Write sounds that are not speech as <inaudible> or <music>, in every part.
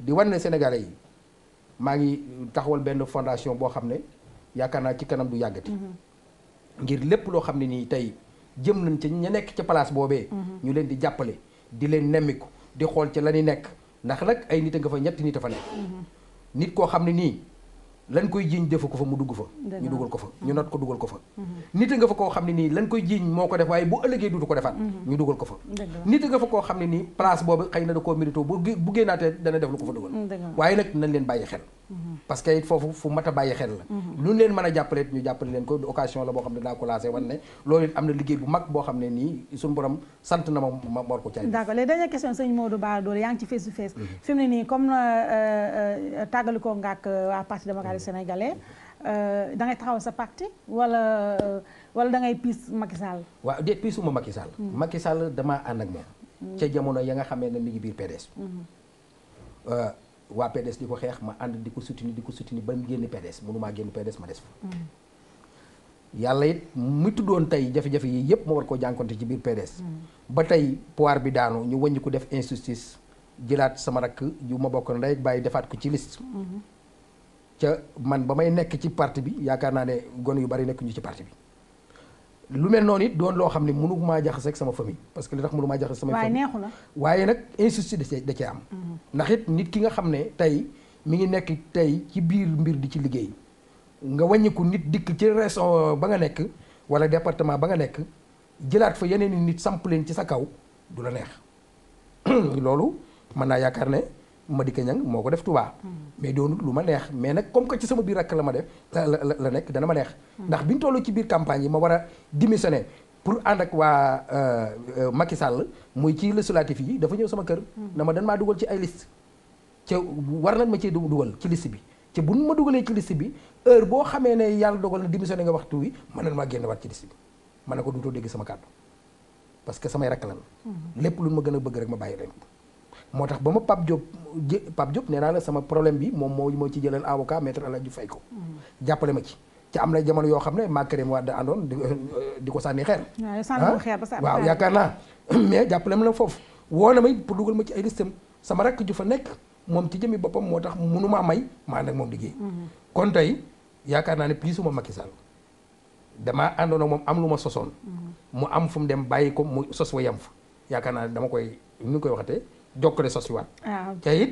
di wane ne Sénégalais yi maa ngi taxawal benn fondation boo xam ne yaakaar naa ci kanam du yàggati. Mhm. ngir lépp loo xam ne nii tey jëm nañ ca ña nekk ci place boobee. Mhm. ñu leen di jàppale di leen nemmiku di xool ci la nekk ndax nag ay nit a nga fa ñetti nit a fa nekk. Mhm. nit koo xam ne nii. lan koy jiiñ defu ko fa mu dugg fa ñu dugal ko fa ñu mm-hmm. not ko dugal ko fa mm-hmm. nit nga fa koo xam ne nii lan koy jiiñ moo ko def waaye bu ëllëgee duutu ko defaat mm-hmm. ñu dugal ko fa nit nga fa koo xam ne nii place boobu xëy na da koo mérito bu génnaatee dana def lu ko fa dugal waaye nag nañ leen bàyyi xel parce que foofu fu mat a bàyyi xel la mhm. lu leen mën a jàppale ñu jàppale leen ko occasion la boo xam ne daa ko lancé wan ne loolu it am na liggéey bu mag boo xam ne nii suñu borom sant na ma ma war ko caay d'accord les dernières questions yaa ngi ci face to face mhm. fi mu ne nii comme euh, euh, tàggalikoo nga ak euh, waa parti démocratique sénégalais taxaw sa parti wala wala da ngay piis Macky Sall waaw déet piisuma Macky Sall mhm. Macky Sall damaa ànd ak moom ca jamono ya nga xamee ne mi ngi biir PDS waa PDS di ko xeex ma ànd di ko soutenir di ko soutenir ba mu génn PDS mënumaa génn PDS ma des fa mm. yàlla it mu tuddoon tey jafe-jafe yi yëpp ma war koo jànkonte ci biir PDS mm. ba tey pouvoir bi daanu ñu wàññi ko def injustice jëlaat sama rakk yu ma bokk ndey ak bàyyi defaat ko ci liste mm-hmm. ca man ba may nekk ci parti bi yaakaar naa ne gone yu bari nekk ci parti bi lu mel noonu it doon loo xam ne mënu maa jaxase ak sama famille parce que li tax mënu maa jaxase sama famille neexu na waaye nag injustice da cee am mhm. ndax it nit ki nga xam ne tey mi ngi nekk tey ci biir mbir di ci liggéey nga wàññiku nit dikk ci région ba nga nekk wala département ba nga nekk jëlaat fa yeneen nit samp leen ci sa kaw du la neex <clears throat> loolu mën naa yaakaar ne Madické Niang moo ko def Touba. mais doonul lu ma neex mais nag comme ci sama biir rakk la ma def la la la nekk dana ma neex. ndax biñ toll ci biir campagne yi ma war a démissionner pour ànd ak waa euh, euh, Macky Sall muy ci législatif yi dafa ñëw sama kër. na ma dan dugal ci ay liste ca war nañ ma cee dugal ci liste bi ci buñ ma dugalee ci liste bi heure boo xamee ne yàlla dogal na démissionné nga waxtu wi mën nañ maa génn waat ci liste bi mën na ko duutoo dégg sama kàddu parce que samay rakk lan mm-hmm. lépp lu ma gën a bëgg rek ma bàyyi leen moo tax ba ma Pape Diop Pape Diop nee naa la sama problème bi moom moo moo ci jëlal avocat maître El Hadji Faye ko mm. jàppale ma ci ci am na jamono yoo xam ne maa Karim Wade àndoon di ko sànni xeer waaw ah? yaakaar naa <clears throat> mais jàppale ma la foofu na may pour dugal ma ci ay listam ma ànd ak moom liggéey mm-hmm. kon tey yaakaar naa ne ma Macky Sall damaa àndoon ak moom am lu ma sosoon mm-hmm. mu am fu dem bàyyi ko mu sos wa yam fa yaakaar naa ne dama koy ñu koy waxatee jokkale sosiwaat te it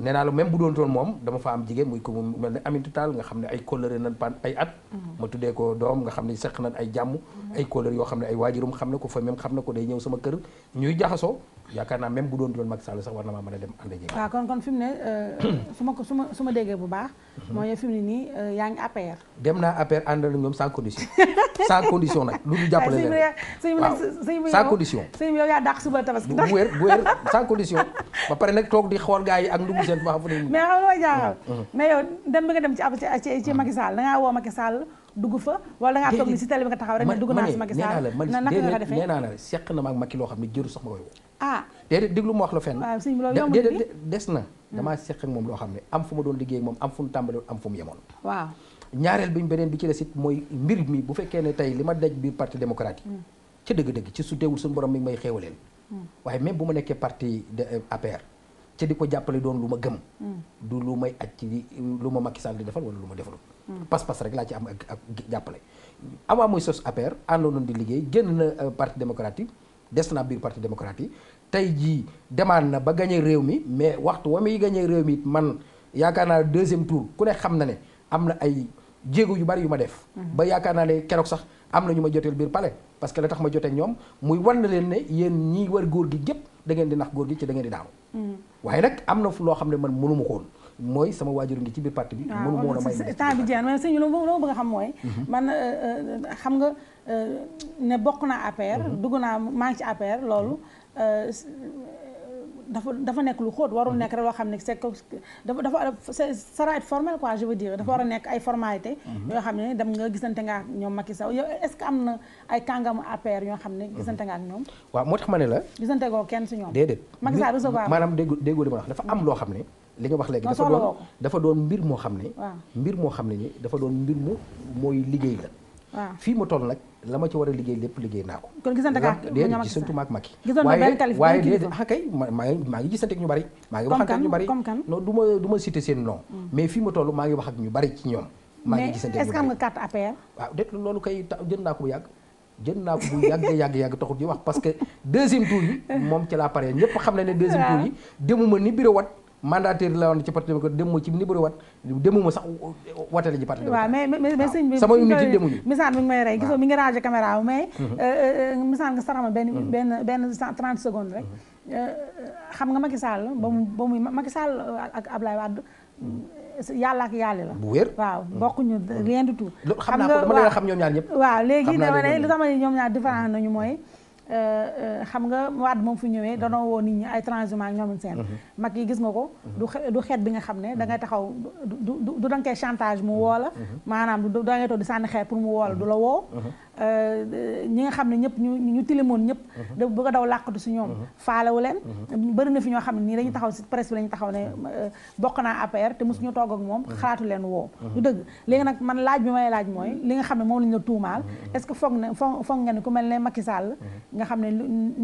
nee naa la même bu doon toon moom dama fa am jigéen muy ko mu mel ne Aminata Tall nga xam ne ay kóllëre nan pan ay at mm-hmm. ma tuddee ko doom nga xam ne seq nan ay jàmm mm-hmm. ay kóllëre yoo xam ne ay waajurum xam ne ko fa même xam ne ko day ñëw sama kër ñuy jaxasoo yaakaar naa même bu doon doon Macky Sall sax war na maa mën a dem ànd jéeg. waaw kon kon fi ne euh, su ma ko su ma su déggee bu baax. Mhm. mooy fi mu ne nii euh, yaa ngi APR. dem naa APR àndal ñoom sans condition sans condition nag lu ñu jàppale <laughs> leen. waaw sans condition. sëñ bi yow yaa dàq suba tabaski. bu wér bu wér sans condition. ba pare nag toog di xool gaa yi ak ndungu seen ba xam fu ne xam nga jaaxal ah. yow dem dem ci ab ci ci Macky Sall da ngaa woo Macky Sall dugg fa wala da toog ni si télé nga taxaw rek ne dugg naa si Macky Sall na naka nga ko defee naa la na ma ak Macky loo ne jëru sax ma koy woo ah déedéet déglu ma des na damaa seq moom loo xam ne am fu ma doon liggéey moom am fu mu tàmbale am fu mu yemoon waaw ñaareel bi beneen bi ci des it mooy mbir mi bu fekkee ne tey li ma daj biir parti démocratique mm. ca dëgg-dëgg ci su teewul suñu borom mi ngi may xeewaleel waaye même bu ma nekkee parti de euh, APR ca di ko jàppale doon lu ma gëm. Hmm. du lu may aj ci lu ma Macky Sall di defal wala lu ma defalul. Hmm. pas-pas rek laa ci am ak jàppale. avant muy sos APR àndoon di liggéey génn na euh, parti démocratique des naa biir parti démocratique tey jii demaan na ba gagné réew mi mais waxtu wa muy gagné réew mi man yaakaar naa deuxième tour ku ne xam na ne am na ay jéego yu bari yu ma def. Hmm. ba yaakaar naa ne keroog sax am na ñu parce que la tax ma jotee ñoom muy wan na leen ne yéen ñiy war góor gi gépp da ngeen di nax góor gi ci da ngeen di daanu mm. waaye nag am na loo xam ne man mënuma ko mooy sama waajur ngi ci biir parti bi mënu moo a may temps bi jeex na sëñ lo lo bëgg a xam mooy mm-hmm. euh, euh, xam nga euh, ne bokk naa APR mm-hmm. dugg naa maa ngi ci APR loolu mm-hmm. dafa dafa nekk lu xóot warul nekk rek loo xam ne c'est dafa dafa ça va être formel quoi je veux dire dafa war a nekk ay formalité mhm. yoo xam ne dem nga gisante nga ak ñoom Macky Sall yow est-ce que am na ay kàngam APR yoo xam ne gisante mhm. nga ak ñoom waaw moo tax ma ne la gisante goo kenn si ñoom déedéet Macky Sall recevoir maanaam dégg déggoo li ma wax dafa am mhm. loo xam ne li nga wax léegi dafa doon dafa doon mbir moo xam ne mbir moo xam ne ni dafa doon mbir mu mooy liggéey la fii ma toll nag la ma ci war a liggéey lépp liggéey naa ko kon gisante ak ah maa ngi maa ngi bari maa ngi wax ak ñu bari non du ma du ma cité ma toll maa ngi wax ñu bari ci ñoom maa ngi gisante ak ñu bari mais est-ce ko bu yàgg <laughs> yàgg yàgg di wax parce que deuxième tour yi moom ci laa pare ñëpp xam na ne deuxième tour yi <laughs> demuma ni bureau mandataire la woon ci parti démocrate dem ci numéro wat demuma sax watale ji parti démocrate waaw mais mais sëñ bi sama demuñu misaan mi may rey gisoo mi ngi rajo caméra mais mhm. euh, euh, euh, misaan nga saraxma mhm. benn benn benn trente rek mhm. xam nga Macky Sall ba mu ba muy Macky Sall ak Ablaye Wade yàlla ak yàlla la. bu wér waaw bokkuñu rien du tout. xam naa ko dama leen xam ñoom ñaar ñëpp. waaw léegi dama ne li tax ma ne ñoom ñaar différent nañu mooy. Euh, euh, xam nga waat moom fu ñëwee danoo mhm. woo nit ñi ay transhumant ak ñoom seen mhm. mag yi gis nga ko mhm. du xeet bi nga xam ne da ngay taxaw du da nga koy chantage mu woo maanaam du da ngay di sànni xeer pour mu woo du la woo ñi nga xam ne ñëpp ñu ñu tilimoon ñëpp mhm. da bëgg a daw làqatu si ñoom mhm. faalewu leen mhm. bëri na fi ñoo xam ne nii dañu taxaw si presse bi taxaw ne euh, bokk naa APR te suñu toog ak moom xalaatu leen woo du dëgg léegi nag man laaj bi may laaj mooy li nga xam ne moom lañ la tuumaal est-ce que foog na foog nga ne ku mel ne Macky Sall nga xam ne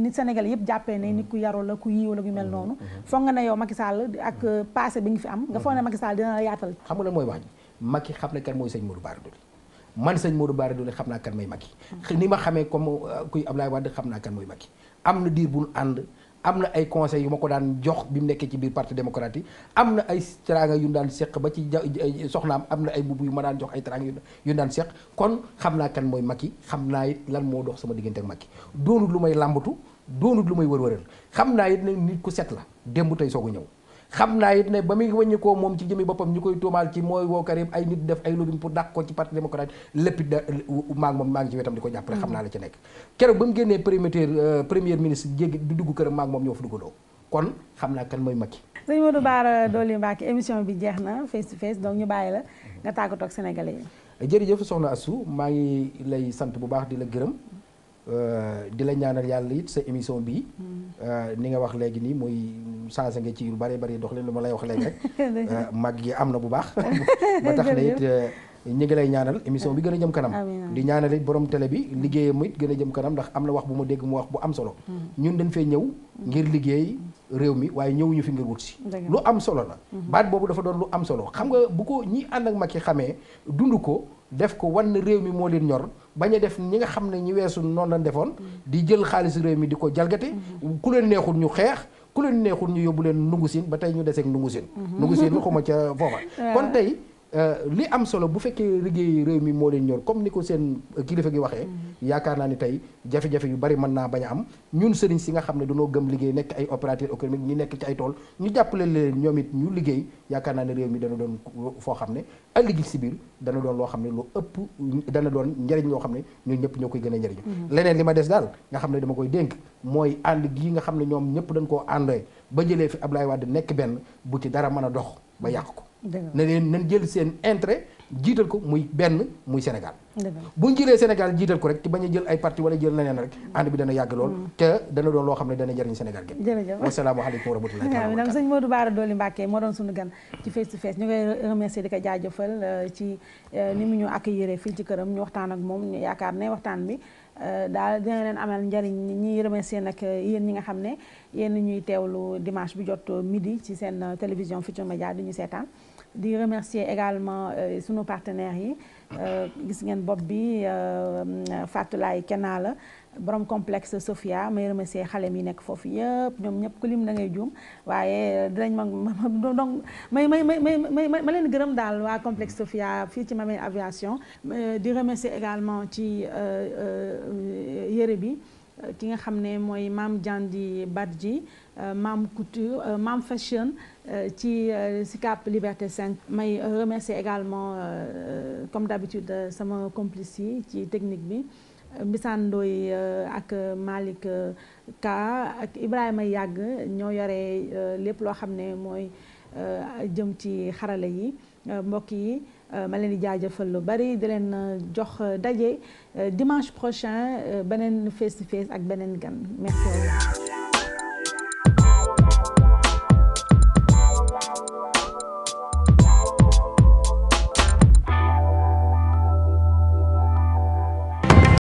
nit Sénégal yëpp jàppee ne nit ku yaru la ku yiiw la ku mel noonu foog nga ne yow Macky Sall ak euh, passé bi nga fi am nga foog ne Macky Sall dina la yaatal xam mooy wax ji Macky xam ne kan mooy sëñ Modou Bara man sëñ Modou Bara Dolly xam naa kan mooy Macky mm-hmm. ni ma xamee comme euh, kuy Ablaye Wade xam naa kan mooy Macky am na diir bu ñu ànd am na ay conseils yu ma ko daan jox bi mu nekkee ci biir parti démocratique am na ay teraanga yu daan seq ba ci soxnaam am na ay mbubb yu ma daan jox ay teraanga yu daan seq kon xam naa kan mooy yi xam naa it lan moo dox sama diggante ak yi doonut lu may làmbatu doonut lu may wër-wëral xam naa it ne nit ku set la démb tey soog a ñëw xam naa it ne ba muy wàññi koo moom ci jëmi boppam ñu koy tuumaal ci mooy woo Karim ay nit def ay lobbying pour dàq ko ci parti démocratique lépp da maa ngi moom maa ngi ci wetam di ko jàppale xam naa la ci nekk keroog ba mu génnee premier euh, ministre jéggi di dugg këram maa ngi moom ñoo fa duggandoo kon xam naa kan mooy Macky sëñ Modou Bara Dolly Mbacké émission bi jeex na face to face donc ñu bàyyi la nga tàggatoo ak yi jërëjëf maa ngi lay sant bu baax di la gërëm euh, di la ñaanal yàlla it sa émission bi mm. euh, ni nga wax léegi nii mooy changé nga ci yu bari bari dox leen lu ma lay wax léegi <laughs> euh, mag yi am na bu baax <laughs> ba tax na it euh, ñu ngi lay ñaanal émission bi gën a jëm kanam di ñaanal it borom télé bi liggéeyam it gën a jëm kanam ndax am na wax bu ma dégg mu wax bu am solo hmm. ñun dañ fee ñëw ngir liggéey réew mi waaye ñëwuñu fi ngir wut si lu am solo la hmm. baat boobu dafa doon lu am solo xam nga bu ko ñi ànd ak Macky xamee dund ko def ko wan réew mi moo leen ñor bañ a def ñi nga xam ne ñi weesu noonu lañ defoon hmm. di jël xaalis réew mi ko jalgate ku leen neexul ñu xeex ku leen neexul ñu yóbbu leen ndungu siin ba tey ñu desee ndungu siin mhm. ndungu siin waxuma ca foofa <laughs> kon tey Euh, li am solo bu fekkee liggéey réew mi moo leen ñor comme ni ko seen kilifa gi waxee mm-hmm. yaakaar naa ni tey jafe-jafe yu bari mën naa bañ am ñun sëriñ si nga xam ne dañoo gëm liggéey nekk ay opérateur économique ñi nekk ci ay tool ñu jàppale leen ñoom it ñu liggéey yaakaar naa ne réew mi dana doon foo xam ne ëllëg si biir dana doon loo xam ne lu ëpp dana doon njariñ loo xam ne ñun ñëpp ñoo koy gën a njëriñ mm-hmm. leneen li ma des daal nga xam ne dama koy dénk mooy ànd gii nga xam ne ñoom ñëpp dañ koo àndee ba jëlee fi Ablaye Wade nekk benn bu ci dara mën a dox ba yàq ko na leen nan jël seen intérêt jiital ko muy benn muy Sénégal bu ñu jëlee Sénégal jiital ko rek ci bañ jël ay partie wala jël leneen rek ànd bi dana yàgg lool mm. te dana doon loo xam ne dana jariñ Sénégal gépp jërëjëf wasalaamaaleykum wa rahmatullahi <laughs> taala nam sëñ Modou Bara Dolly Mbacké moo doon suñu gan ci ko jaajëfal euh, ci euh, ni mu ñu accueillir fii ci këram ñu waxtaan ak moom yaakaar ne waxtaan bi euh, daal dina leen amal njëriñ ñuy remercier nag yéen ñi nga xam ne yéen ñuy teewlu dimanche bi jot midi ci seen télévision fi Médias di ñu seetaan di remercier également euh, sunu partenaires yi euh, gis ngeen bopp bi euh, Fatoulaye Kena la borom complexe Sofia may remercier xale mi nekk foofu yëpp ñoom ñëpp ku lim da ngay juum waaye dinañ ma donc may may may may ma leen gërëm daal waa complexe Sofia fii ci ma Mamelles Aviation di remercier également ci yére bi ki nga xam ne mooy maam Jandi ji euh, maam couture euh, maam fashion euh, ci cap Liberté 5 may remercier également comme d'habitude sama complice yi ci technique bi Mbisaan Ndoy ak Malick Ka ak Ibrahima Yàgg ñoo yore lépp loo xam ne mooy jëm ci xarala yi mbokk yi Euh, ma leen di jaajëfal lu bari di leen euh, jox euh, daje dimanche prochain beneen face to face ak beneen gan merci